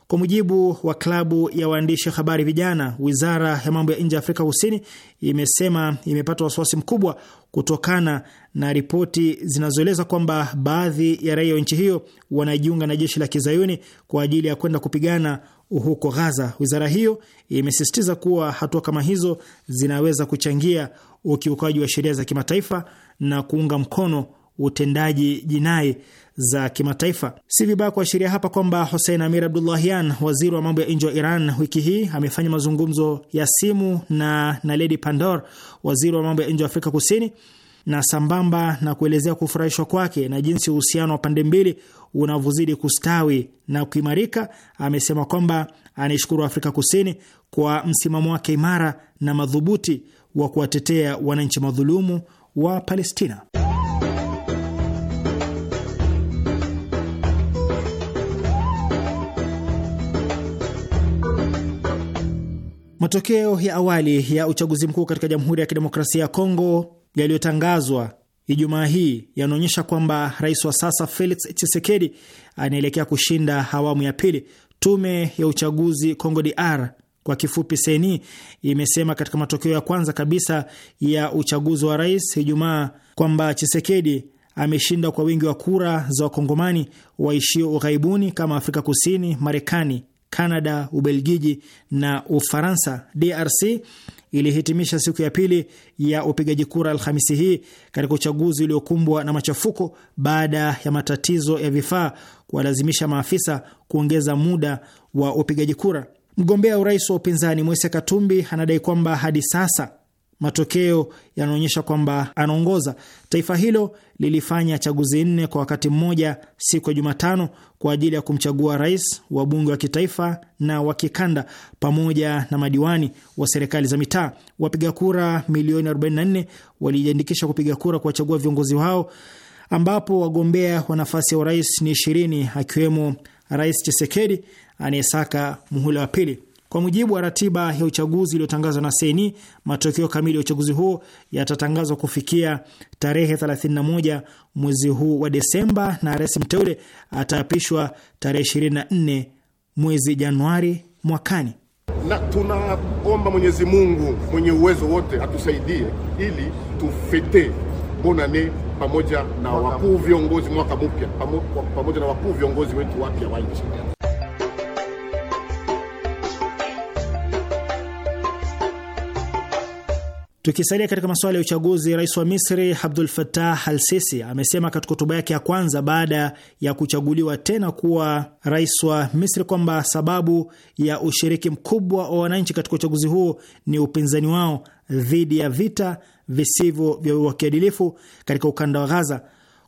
Kwa mujibu wa klabu ya waandishi habari vijana, wizara ya mambo ya nje ya Afrika Kusini imesema imepata wasiwasi mkubwa kutokana na ripoti zinazoeleza kwamba baadhi ya raia wa nchi hiyo wanajiunga na jeshi la kizayuni kwa ajili ya kwenda kupigana huko Gaza. Wizara hiyo imesisitiza kuwa hatua kama hizo zinaweza kuchangia ukiukaji wa sheria za kimataifa na kuunga mkono utendaji jinai za kimataifa. Si vibaya kuashiria hapa kwamba Hussein Amir Abdullahian, waziri wa mambo ya nje wa Iran, wiki hii amefanya mazungumzo ya simu na Naledi Pandor, waziri wa mambo ya nje wa Afrika Kusini, na sambamba na kuelezea kufurahishwa kwake na jinsi uhusiano wa pande mbili unavyozidi kustawi na kuimarika, amesema kwamba anaishukuru Afrika Kusini kwa msimamo wake imara na madhubuti wa kuwatetea wananchi madhulumu wa Palestina. Matokeo ya awali ya uchaguzi mkuu katika Jamhuri ya Kidemokrasia ya Kongo yaliyotangazwa Ijumaa hii yanaonyesha kwamba rais wa sasa Felix Tshisekedi anaelekea kushinda awamu ya pili. Tume ya uchaguzi Congo DR kwa kifupi seni imesema katika matokeo ya kwanza kabisa ya uchaguzi wa rais Ijumaa kwamba Chisekedi ameshinda kwa wingi wa kura za wakongomani waishio ughaibuni kama Afrika Kusini, Marekani, Canada, Ubelgiji na Ufaransa. DRC ilihitimisha siku ya pili ya upigaji kura Alhamisi hii katika uchaguzi uliokumbwa na machafuko baada ya matatizo ya vifaa kuwalazimisha maafisa kuongeza muda wa upigaji kura. Mgombea urais wa upinzani Moise Katumbi anadai kwamba hadi sasa matokeo yanaonyesha kwamba anaongoza. Taifa hilo lilifanya chaguzi nne kwa wakati mmoja siku ya Jumatano kwa ajili ya kumchagua rais, wabunge wa kitaifa na wa kikanda, pamoja na madiwani wa serikali za mitaa. Wapiga kura milioni 44 walijiandikisha kupiga kura kuwachagua viongozi wao, ambapo wagombea wa nafasi ya urais ni ishirini akiwemo Rais Chisekedi anayesaka muhula wa pili. Kwa mujibu wa ratiba ya uchaguzi iliyotangazwa na Seni, matokeo kamili ya uchaguzi huo yatatangazwa kufikia tarehe 31 mwezi huu wa Desemba, na rais mteule ataapishwa tarehe 24 mwezi Januari mwakani. Na tunaomba Mwenyezi Mungu mwenye uwezo wote atusaidie ili tufete bonane pamoja na wakuu viongozi mwaka mpya pamoja na wakuu viongozi wetu wapya wa nchi. Tukisalia katika masuala ya uchaguzi, rais wa Misri Abdul fatah Al Sisi amesema katika hotuba yake ya kwanza baada ya kuchaguliwa tena kuwa rais wa Misri kwamba sababu ya ushiriki mkubwa wa wananchi katika uchaguzi huo ni upinzani wao dhidi ya vita visivyo vya uadilifu katika ukanda wa Ghaza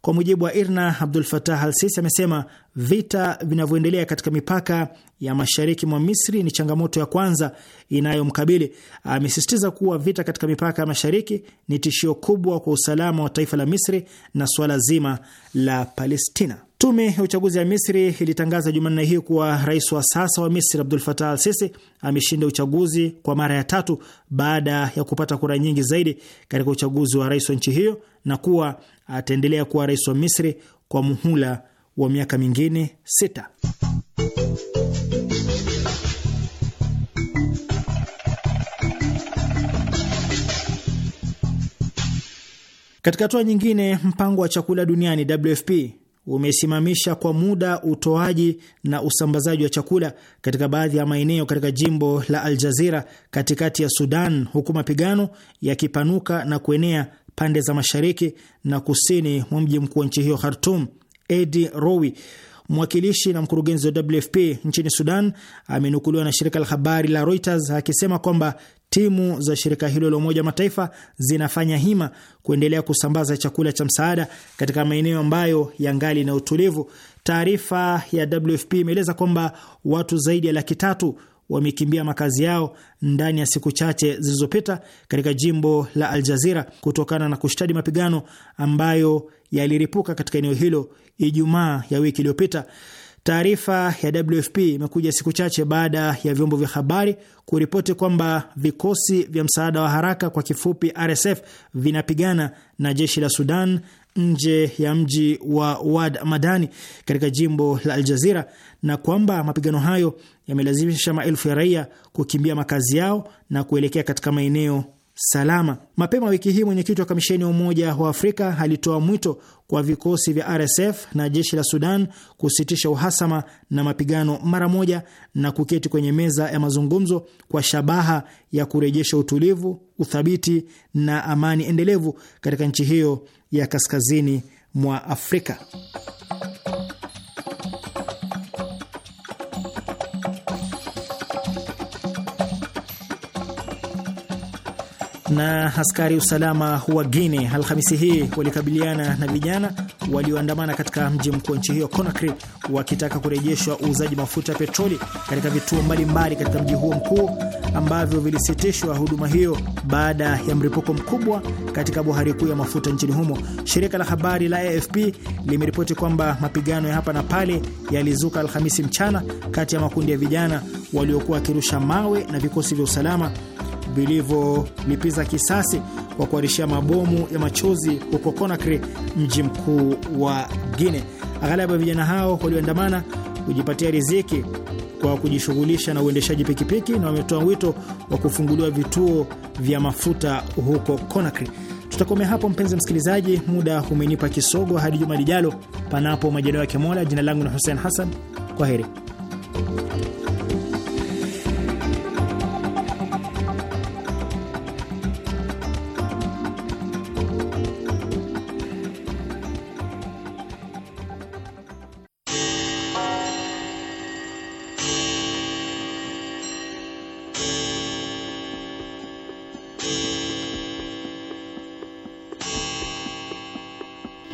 kwa mujibu wa IRNA, Abdul Fatah Al Sisi amesema vita vinavyoendelea katika mipaka ya mashariki mwa Misri ni changamoto ya kwanza inayomkabili. Amesisitiza kuwa vita katika mipaka ya mashariki ni tishio kubwa kwa usalama wa taifa la Misri na suala zima la Palestina. Tume ya uchaguzi ya Misri ilitangaza Jumanne hii kuwa rais wa sasa wa Misri Abdul Fatah Al Sisi ameshinda uchaguzi kwa mara ya tatu baada ya kupata kura nyingi zaidi katika uchaguzi wa rais wa nchi hiyo na kuwa ataendelea kuwa rais wa Misri kwa muhula wa miaka mingine sita. Katika hatua nyingine, mpango wa chakula duniani WFP umesimamisha kwa muda utoaji na usambazaji wa chakula katika baadhi ya maeneo katika jimbo la Al Jazira katikati ya Sudan, huku mapigano yakipanuka na kuenea pande za mashariki na kusini mwa mji mkuu wa nchi hiyo Khartum. Edi Rowi, mwakilishi na mkurugenzi wa WFP nchini Sudan, amenukuliwa na shirika la habari la Reuters akisema kwamba Timu za shirika hilo la Umoja Mataifa zinafanya hima kuendelea kusambaza chakula cha msaada katika maeneo ambayo yangali na utulivu. Taarifa ya WFP imeeleza kwamba watu zaidi ya laki tatu wamekimbia makazi yao ndani ya siku chache zilizopita katika jimbo la Aljazira kutokana na kushtadi mapigano ambayo yaliripuka katika eneo hilo Ijumaa ya wiki iliyopita. Taarifa ya WFP imekuja siku chache baada ya vyombo vya habari kuripoti kwamba vikosi vya msaada wa haraka kwa kifupi RSF vinapigana na jeshi la Sudan nje ya mji wa Wad Madani katika jimbo la Aljazira na kwamba mapigano hayo yamelazimisha maelfu ya raia kukimbia makazi yao na kuelekea katika maeneo salama. Mapema wiki hii mwenyekiti wa kamisheni ya Umoja wa Afrika alitoa mwito kwa vikosi vya RSF na jeshi la Sudan kusitisha uhasama na mapigano mara moja na kuketi kwenye meza ya mazungumzo kwa shabaha ya kurejesha utulivu, uthabiti na amani endelevu katika nchi hiyo ya kaskazini mwa Afrika. na askari usalama wa Guinea Alhamisi hii walikabiliana na vijana walioandamana katika mji mkuu wa nchi hiyo Conakry, wakitaka kurejeshwa uuzaji mafuta ya petroli katika vituo mbalimbali katika mji huo mkuu ambavyo vilisitishwa huduma hiyo baada ya mlipuko mkubwa katika bohari kuu ya mafuta nchini humo. Shirika la habari la AFP limeripoti kwamba mapigano ya hapa na pale yalizuka Alhamisi mchana kati ya makundi ya vijana waliokuwa wakirusha mawe na vikosi vya usalama vilivyolipiza kisasi kwa kuarishia mabomu ya machozi huko Conakry, mji mkuu wa guine Aghalabu ya vijana hao walioandamana hujipatia riziki kwa kujishughulisha na uendeshaji pikipiki na wametoa wito wa kufunguliwa vituo vya mafuta huko Conakry. Tutakomea hapo mpenzi msikilizaji, muda umenipa kisogo. Hadi juma lijalo, panapo majaliwa ya Mola. Jina langu ni Hussein Hassan, kwa heri.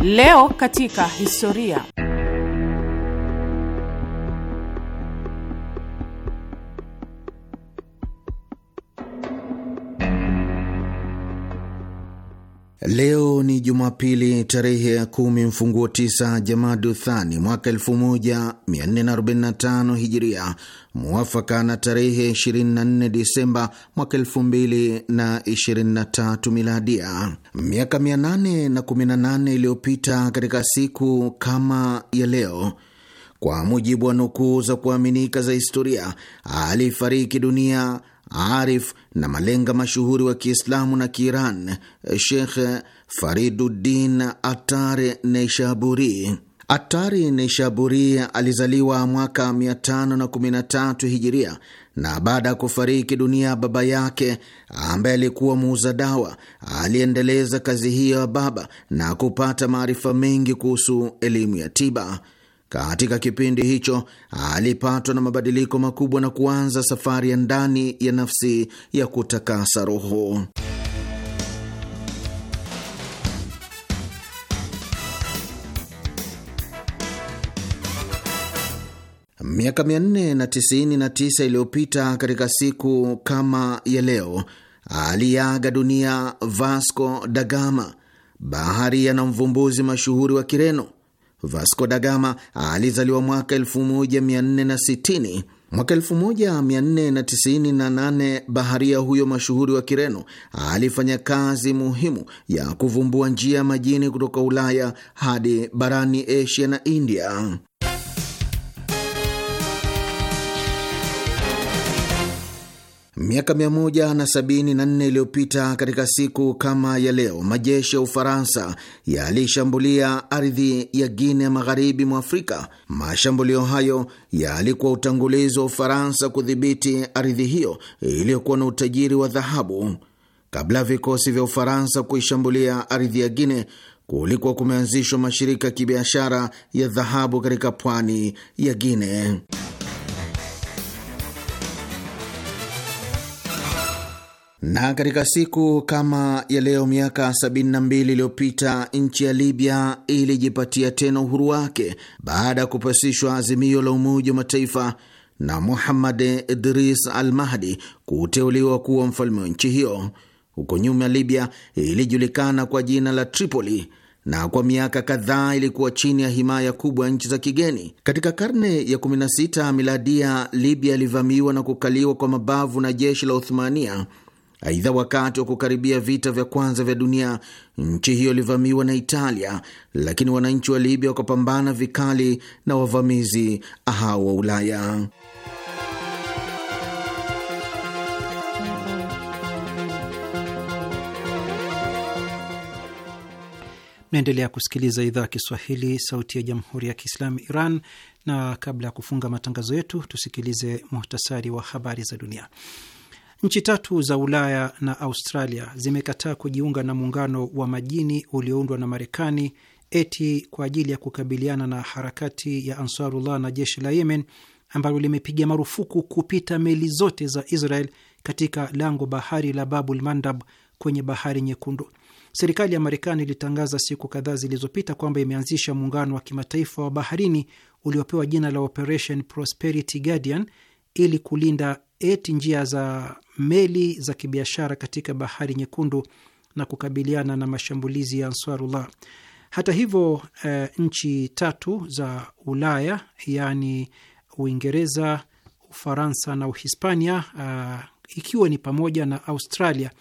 Leo katika historia. Leo ni Jumapili tarehe ya kumi mfunguo tisa Jamadu Thani mwaka 1445 Hijiria, muwafaka na tarehe 24 Disemba mwaka 2023 Miladia. Miaka 818 iliyopita katika siku kama ya leo, kwa mujibu wa nukuu za kuaminika za historia, alifariki dunia arif na malenga mashuhuri wa Kiislamu na Kiiran Shekh Fariduddin Atari Neishaburi. Atari Neishaburi alizaliwa mwaka 513 hijiria na baada ya kufariki dunia baba yake ambaye alikuwa muuza dawa, aliendeleza kazi hiyo ya baba na kupata maarifa mengi kuhusu elimu ya tiba. Katika kipindi hicho alipatwa na mabadiliko makubwa na kuanza safari ya ndani ya nafsi ya kutakasa roho. Miaka 499 iliyopita katika siku kama ya leo aliaga dunia Vasco da Gama, baharia na mvumbuzi mashuhuri wa Kireno. Vasco da Gama alizaliwa mwaka 1460. Mwaka 1498 baharia huyo mashuhuri wa Kireno alifanya kazi muhimu ya kuvumbua njia ya majini kutoka Ulaya hadi barani Asia na India. Miaka 174 iliyopita katika siku kama ya leo, majeshi ya Ufaransa yalishambulia ardhi ya Guinea magharibi mwa Afrika. Mashambulio hayo yalikuwa utangulizi wa Ufaransa kudhibiti ardhi hiyo iliyokuwa na utajiri wa dhahabu. Kabla ya vikosi vya Ufaransa kuishambulia ardhi ya Guinea, kulikuwa kumeanzishwa mashirika ya kibiashara ya dhahabu katika pwani ya Guinea. Na katika siku kama ya leo miaka 72 iliyopita nchi ya Libya ilijipatia tena uhuru wake baada ya kupasishwa azimio la Umoja wa Mataifa na Muhammad Idris Al Mahdi kuteuliwa kuwa mfalme wa nchi hiyo. Huko nyuma, Libya ilijulikana kwa jina la Tripoli na kwa miaka kadhaa ilikuwa chini ya himaya kubwa ya nchi za kigeni. Katika karne ya 16 miladia, Libya ilivamiwa na kukaliwa kwa mabavu na jeshi la Uthmania Aidha, wakati wa kukaribia vita vya kwanza vya dunia, nchi hiyo ilivamiwa na Italia, lakini wananchi wa Libya wakapambana vikali na wavamizi hao wa Ulaya. Naendelea kusikiliza idhaa ya Kiswahili, sauti ya jamhuri ya kiislamu Iran. Na kabla ya kufunga matangazo yetu, tusikilize muhtasari wa habari za dunia. Nchi tatu za Ulaya na Australia zimekataa kujiunga na muungano wa majini ulioundwa na Marekani eti kwa ajili ya kukabiliana na harakati ya Ansarullah na jeshi la Yemen ambalo limepiga marufuku kupita meli zote za Israel katika lango bahari la Babul Mandab kwenye bahari Nyekundu. Serikali ya Marekani ilitangaza siku kadhaa zilizopita kwamba imeanzisha muungano wa kimataifa wa baharini uliopewa jina la Operation Prosperity Guardian ili kulinda eti njia za meli za kibiashara katika bahari nyekundu na kukabiliana na mashambulizi ya Ansarullah. Hata hivyo, e, nchi tatu za Ulaya yaani Uingereza, Ufaransa na Uhispania, a, eh, ikiwa ni pamoja na Australia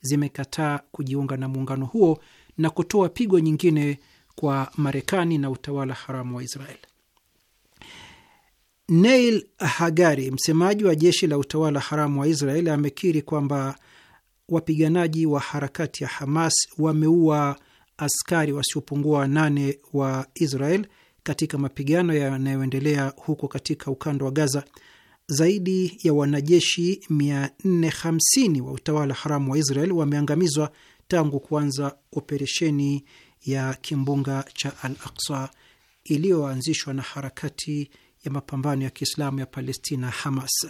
zimekataa kujiunga na muungano huo na kutoa pigo nyingine kwa Marekani na utawala haramu wa Israeli. Neil Hagari, msemaji wa jeshi la utawala haramu wa israel amekiri kwamba wapiganaji wa harakati ya Hamas wameua askari wasiopungua nane wa Israel katika mapigano yanayoendelea huko katika ukanda wa Gaza. Zaidi ya wanajeshi 450 wa utawala haramu wa Israel wameangamizwa tangu kuanza operesheni ya kimbunga cha Al Aqsa iliyoanzishwa na harakati ya mapambano ya Kiislamu ya Palestina, Hamas.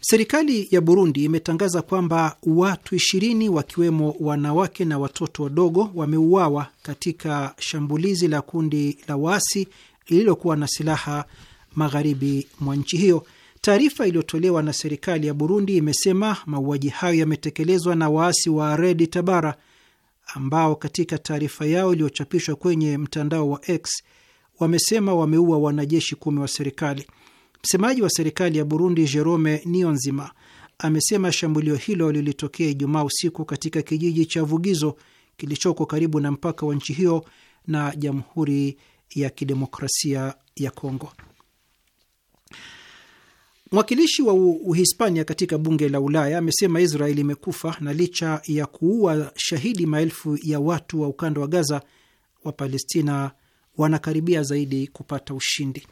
Serikali ya Burundi imetangaza kwamba watu ishirini wakiwemo wanawake na watoto wadogo wameuawa katika shambulizi la kundi la waasi lililokuwa na silaha magharibi mwa nchi hiyo. Taarifa iliyotolewa na serikali ya Burundi imesema mauaji hayo yametekelezwa na waasi wa Redi Tabara ambao katika taarifa yao iliyochapishwa kwenye mtandao wa X wamesema wameua wanajeshi kumi wa serikali. Msemaji wa serikali ya Burundi Jerome Nionzima amesema shambulio hilo lilitokea Ijumaa usiku katika kijiji cha Vugizo kilichoko karibu na mpaka wa nchi hiyo na Jamhuri ya Kidemokrasia ya Kongo. Mwakilishi wa Uhispania katika bunge la Ulaya amesema Israeli imekufa na licha ya kuua shahidi maelfu ya watu wa ukanda wa Gaza, Wapalestina wanakaribia zaidi kupata ushindi.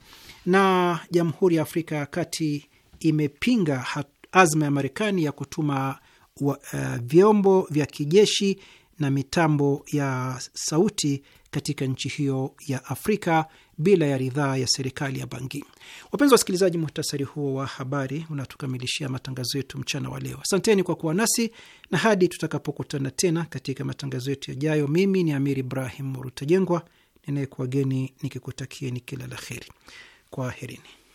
Na Jamhuri ya Afrika ya Kati imepinga azma ya Marekani ya kutuma wa, uh, vyombo vya kijeshi na mitambo ya sauti katika nchi hiyo ya Afrika bila ya ridhaa ya serikali ya Bangi. Wapenzi wa wasikilizaji, muhtasari huo wa habari unatukamilishia matangazo yetu mchana wa leo. Asanteni kwa kuwa nasi na hadi tutakapokutana tena katika matangazo yetu yajayo, mimi ni amir Ibrahim Rutajengwa ninayekuwageni nikikutakieni kila la heri. Kwaherini.